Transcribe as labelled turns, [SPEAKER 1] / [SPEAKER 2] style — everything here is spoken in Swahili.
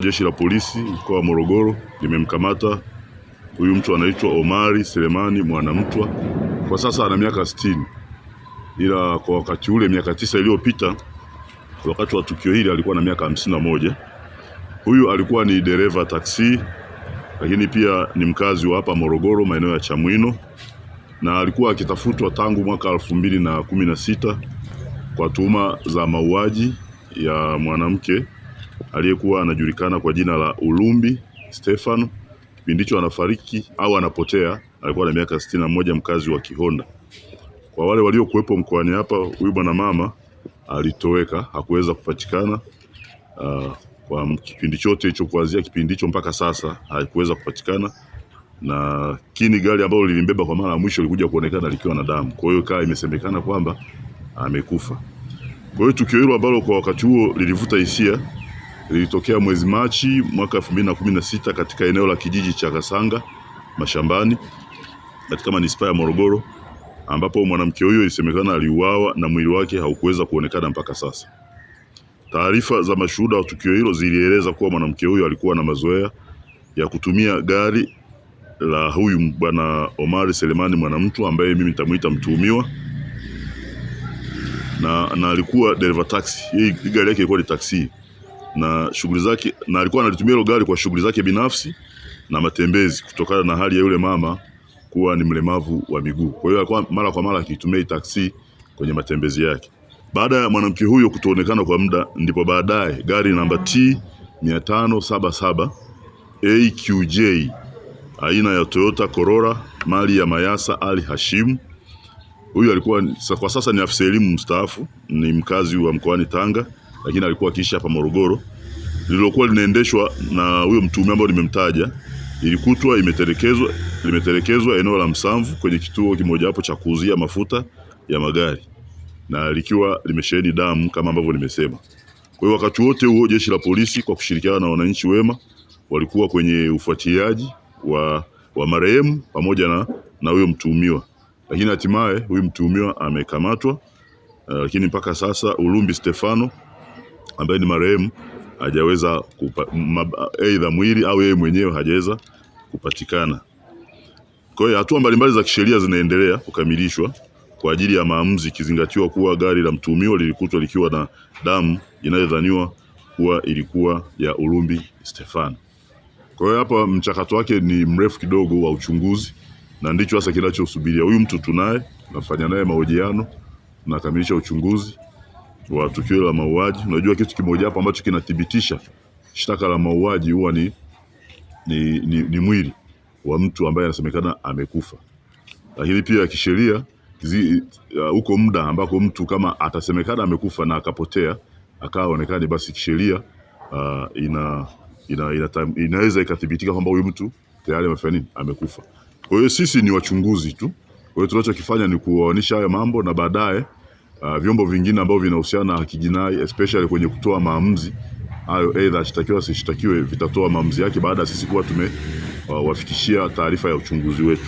[SPEAKER 1] Jeshi la polisi mkoa wa Morogoro limemkamata huyu mtu anaitwa Omari Selemani Mwanamtwa. Kwa sasa ana miaka 60, ila kwa wakati ule miaka tisa iliyopita wakati wa tukio hili alikuwa na miaka hamsini na moja. Huyu alikuwa ni dereva taksi, lakini pia ni mkazi wa hapa Morogoro maeneo ya Chamwino, na alikuwa akitafutwa tangu mwaka elfu mbili na kumi na sita kwa tuhuma za mauaji ya mwanamke aliyekuwa anajulikana kwa jina la Ulumbi Stefano, kipindi hicho anafariki au anapotea, alikuwa na miaka sitini na moja, mkazi wa Kihonda. Kwa wale waliokuwepo mkoani hapa, huyu bwana mama alitoweka, hakuweza kupatikana uh, kwa kipindi chote hicho kuanzia kipindi hicho mpaka sasa haikuweza kupatikana, na kini gari ambalo lilimbeba kwa mara ya mwisho likuja kuonekana likiwa na damu. Kwa hiyo kaa imesemekana kwamba amekufa. Kwa hiyo tukio hilo ambalo kwa wakati huo lilivuta hisia lilitokea mwezi Machi mwaka 2016 katika eneo la kijiji cha Kasanga mashambani katika manispaa ya Morogoro ambapo mwanamke huyo ilisemekana aliuawa na mwili wake haukuweza kuonekana mpaka sasa. Taarifa za mashuhuda wa tukio hilo zilieleza kuwa mwanamke huyo alikuwa na mazoea ya kutumia gari la huyu bwana Omari Selemani Mwanamtu ambaye mimi nitamuita mtuhumiwa na, na alikuwa dereva taxi. Hii gari yake ilikuwa ni taksi na shughuli zake, na alikuwa analitumia hilo gari kwa shughuli zake binafsi na matembezi, kutokana na hali ya yule mama kuwa ni mlemavu wa miguu. Kwa hiyo alikuwa mara kwa mara akitumia taksi kwenye matembezi yake. Baada ya mwanamke huyo kutoonekana kwa muda, ndipo baadaye gari namba T 577 AQJ aina ya Toyota Corolla mali ya Mayasa Ali hashim Huyu alikuwa kwa sasa ni afisa elimu mstaafu, ni mkazi wa mkoani Tanga lakini alikuwa akiishi hapa Morogoro, lililokuwa linaendeshwa na huyo mtume ambao nimemtaja, ilikutwa imetelekezwa limetelekezwa eneo la Msamvu kwenye kituo kimojawapo cha kuuzia mafuta ya magari na likiwa limesheheni damu kama ambavyo nimesema. Kwa hiyo wakati wote huo jeshi la polisi kwa kushirikiana na wananchi wema walikuwa kwenye ufuatiliaji wa, wa marehemu pamoja na na huyo mtuhumiwa, lakini hatimaye huyu mtuhumiwa amekamatwa. Eh, lakini mpaka sasa Ulumbi Stefano ambaye ni marehemu hajaweza aidha mwili au yeye mwenyewe hajaweza kupatikana. Kwa hiyo hatua mbalimbali za kisheria zinaendelea kukamilishwa kwa ajili ya maamuzi, ikizingatiwa kuwa gari la mtuhumiwa lilikutwa likiwa na damu inayodhaniwa kuwa ilikuwa ya Ulumbi Stefan. Kwa hiyo hapa mchakato wake ni mrefu kidogo wa uchunguzi, na ndicho hasa kinachosubiria. Huyu mtu tunaye, tunafanya naye mahojiano, tunakamilisha uchunguzi wa tukio la mauaji. Unajua kitu kimoja hapo ambacho kinathibitisha shtaka la mauaji huwa ni, ni, ni, ni mwili wa mtu ambaye anasemekana amekufa, lakini pia kisheria uh, huko uh, muda ambako mtu kama atasemekana amekufa na akapotea akaonekana, basi kisheria uh, ina, ina, ina, inaweza ikathibitika kwamba huyu mtu tayari amefanya nini, amekufa. Kwa hiyo sisi ni wachunguzi tu. Kwa hiyo tunachokifanya ni kuwaonisha haya mambo na baadaye uh, vyombo vingine ambavyo vinahusiana na haki jinai especially kwenye kutoa maamuzi hayo, aidha ashitakiwe asishtakiwe, vitatoa maamuzi yake baada ya sisi kuwa tumewafikishia ah, uh, taarifa ya uchunguzi wetu.